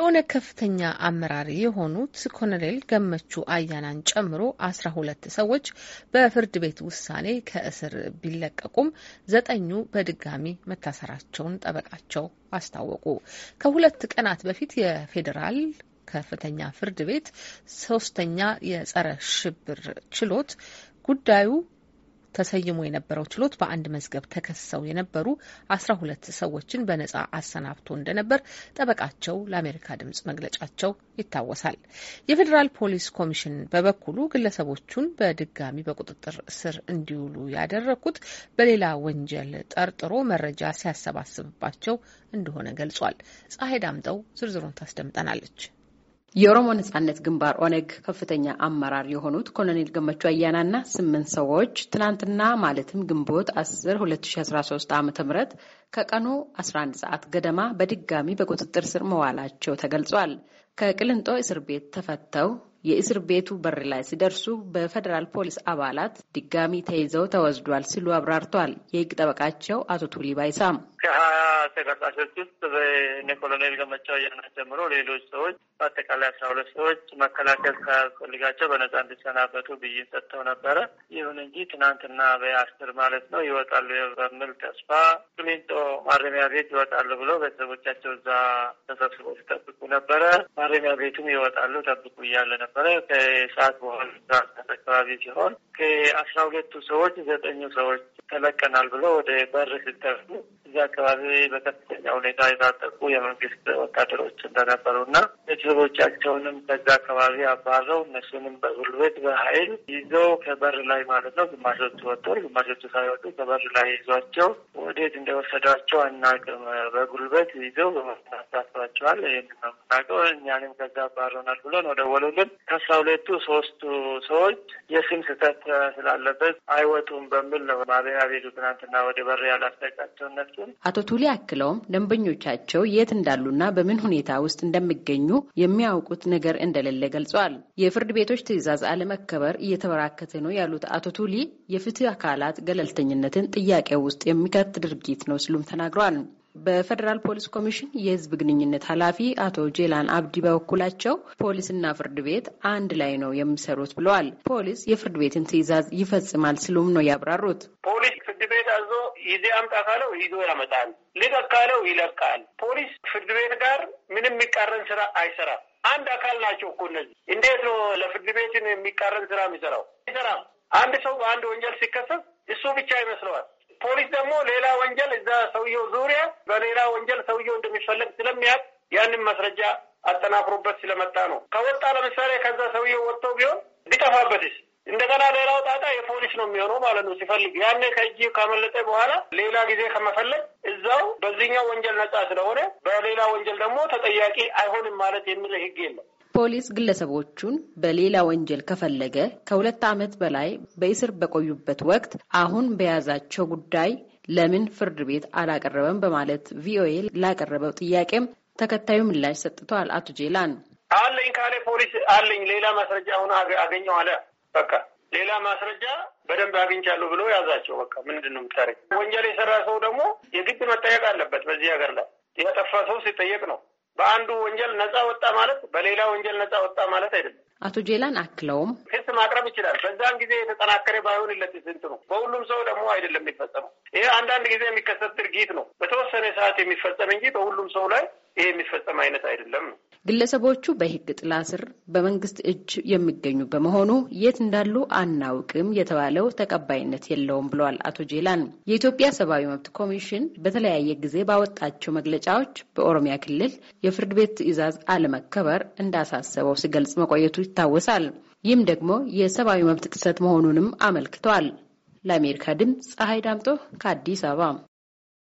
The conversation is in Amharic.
የኦነግ ከፍተኛ አመራር የሆኑት ኮሎኔል ገመቹ አያናን ጨምሮ አስራ ሁለት ሰዎች በፍርድ ቤት ውሳኔ ከእስር ቢለቀቁም ዘጠኙ በድጋሚ መታሰራቸውን ጠበቃቸው አስታወቁ። ከሁለት ቀናት በፊት የፌዴራል ከፍተኛ ፍርድ ቤት ሶስተኛ የጸረ ሽብር ችሎት ጉዳዩ ተሰይሞ የነበረው ችሎት በአንድ መዝገብ ተከሰው የነበሩ አስራ ሁለት ሰዎችን በነጻ አሰናብቶ እንደነበር ጠበቃቸው ለአሜሪካ ድምጽ መግለጫቸው ይታወሳል። የፌዴራል ፖሊስ ኮሚሽን በበኩሉ ግለሰቦቹን በድጋሚ በቁጥጥር ስር እንዲውሉ ያደረግኩት በሌላ ወንጀል ጠርጥሮ መረጃ ሲያሰባስብባቸው እንደሆነ ገልጿል። ፀሐይ ዳምጠው ዝርዝሩን ታስደምጠናለች። የኦሮሞ ነጻነት ግንባር ኦነግ ከፍተኛ አመራር የሆኑት ኮሎኔል ገመቹ አያናና ስምንት ሰዎች ትናንትና ማለትም ግንቦት 10 2013 ዓ.ም ከቀኑ 11 ሰዓት ገደማ በድጋሚ በቁጥጥር ስር መዋላቸው ተገልጿል። ከቅሊንጦ እስር ቤት ተፈተው የእስር ቤቱ በር ላይ ሲደርሱ በፌዴራል ፖሊስ አባላት ድጋሚ ተይዘው ተወስዷል ሲሉ አብራርተዋል። የህግ ጠበቃቸው አቶ ቱሊ ባይሳም ከሀያ ተቀጣሾች ውስጥ በእነ ኮሎኔል ገመቻ ያና ጀምሮ ሌሎች ሰዎች በአጠቃላይ አስራ ሁለት ሰዎች መከላከል ሳያስፈልጋቸው በነጻ እንዲሰናበቱ ብይን ሰጥተው ነበረ። ይሁን እንጂ ትናንትና በአስር ማለት ነው ይወጣሉ በሚል ተስፋ ቅሊንጦ ማረሚያ ቤት ይወጣሉ ብለው ቤተሰቦቻቸው እዛ ተሰብስበው ሲጠብቁ ነበረ። ማረሚያ ቤቱም ይወጣሉ ጠብቁ እያለ ነበረ። ከሰዓት በኋላ አካባቢ ሲሆን ከአስራ ሁለቱ ሰዎች ዘጠኙ ሰዎች ተለቀናል ብሎ ወደ በር ሲጠሩ እዚህ አካባቢ በከፍተኛ ሁኔታ የታጠቁ የመንግስት ወታደሮች እንደነበሩ እንደነበሩና ቤተሰቦቻቸውንም ከዛ አካባቢ አባረው እነሱንም በጉልበት በኃይል ይዘው ከበር ላይ ማለት ነው። ግማሾቹ ወጡ፣ ግማሾቹ ሳይወጡ ከበር ላይ ይዟቸው ወዴት እንደወሰዷቸው አናውቅም። በጉልበት ይዘው በመታሳስባቸዋል። ይህን ነው የምናውቀው። እኛንም ከዛ አባረውናል ብለን ወደ ወሉልን ከአስራ ሁለቱ ሶስቱ ሰዎች የስም ስህተት ስላለበት አይወጡም በሚል ነው ማረሚያ ቤቱ ትናንትና ወደ በር ያላስጠቃቸው እነሱ አቶ ቱሊ አክለውም ደንበኞቻቸው የት እንዳሉና በምን ሁኔታ ውስጥ እንደሚገኙ የሚያውቁት ነገር እንደሌለ ገልጿል። የፍርድ ቤቶች ትዕዛዝ አለመከበር እየተበራከተ ነው ያሉት አቶ ቱሊ የፍትህ አካላት ገለልተኝነትን ጥያቄ ውስጥ የሚከት ድርጊት ነው ሲሉም ተናግሯል። በፌዴራል ፖሊስ ኮሚሽን የህዝብ ግንኙነት ኃላፊ አቶ ጄላን አብዲ በበኩላቸው ፖሊስና ፍርድ ቤት አንድ ላይ ነው የሚሰሩት ብለዋል። ፖሊስ የፍርድ ቤትን ትዕዛዝ ይፈጽማል ሲሉም ነው ያብራሩት። ፖሊስ አዞ ይዜ አምጣ ካለው ይዞ ያመጣል፣ ልቀቅ ካለው ይለቃል። ፖሊስ ፍርድ ቤት ጋር ምንም የሚቃረን ስራ አይሰራም። አንድ አካል ናቸው እኮ እነዚህ። እንዴት ነው ለፍርድ ቤትን የሚቃረን ስራ የሚሰራው? አይሰራም። አንድ ሰው በአንድ ወንጀል ሲከሰስ እሱ ብቻ ይመስለዋል። ፖሊስ ደግሞ ሌላ ወንጀል እዛ ሰውየው ዙሪያ በሌላ ወንጀል ሰውየው እንደሚፈለግ ስለሚያውቅ ያንን ማስረጃ አጠናክሮበት ስለመጣ ነው። ከወጣ ለምሳሌ ከዛ ሰውየው ወጥቶ ቢሆን ቢጠፋበትስ እንደገና ሌላው ጣጣ የፖሊስ ነው የሚሆነው ማለት ነው። ሲፈልግ ያኔ ከእጅ ከመለጠ በኋላ ሌላ ጊዜ ከመፈለግ እዛው በዚህኛው ወንጀል ነጻ ስለሆነ በሌላ ወንጀል ደግሞ ተጠያቂ አይሆንም ማለት የሚል ህግ የለም። ፖሊስ ግለሰቦቹን በሌላ ወንጀል ከፈለገ ከሁለት ዓመት በላይ በእስር በቆዩበት ወቅት አሁን በያዛቸው ጉዳይ ለምን ፍርድ ቤት አላቀረበም በማለት ቪኦኤ ላቀረበው ጥያቄም ተከታዩ ምላሽ ሰጥቷል። አቶ ጄላን አለኝ ካለ ፖሊስ አለኝ ሌላ ማስረጃ አሁን አገኘው አለ በቃ ሌላ ማስረጃ በደንብ አግኝቻለሁ ብሎ ያዛቸው። በቃ ምንድን ነው የምታደርግ? ወንጀል የሰራ ሰው ደግሞ የግድ መጠየቅ አለበት። በዚህ ሀገር ላይ ያጠፋ ሰው ሲጠየቅ ነው። በአንዱ ወንጀል ነፃ ወጣ ማለት በሌላ ወንጀል ነፃ ወጣ ማለት አይደለም። አቶ ጄላን አክለውም ክስ ማቅረብ ይችላል። በዛን ጊዜ የተጠናከረ ባይሆን ይለት ስንት ነው። በሁሉም ሰው ደግሞ አይደለም የሚፈጸመው። ይሄ አንዳንድ ጊዜ የሚከሰት ድርጊት ነው፣ በተወሰነ ሰዓት የሚፈጸም እንጂ በሁሉም ሰው ላይ ይሄ የሚፈጸም አይነት አይደለም ነው። ግለሰቦቹ በህግ ጥላ ስር በመንግስት እጅ የሚገኙ በመሆኑ የት እንዳሉ አናውቅም የተባለው ተቀባይነት የለውም ብለዋል አቶ ጄላን። የኢትዮጵያ ሰብአዊ መብት ኮሚሽን በተለያየ ጊዜ ባወጣቸው መግለጫዎች በኦሮሚያ ክልል የፍርድ ቤት ትዕዛዝ አለመከበር እንዳሳሰበው ሲገልጽ መቆየቱ ይታወሳል። ይህም ደግሞ የሰብአዊ መብት ጥሰት መሆኑንም አመልክተዋል። ለአሜሪካ ድምፅ ፀሐይ ዳምጦ ከአዲስ አበባ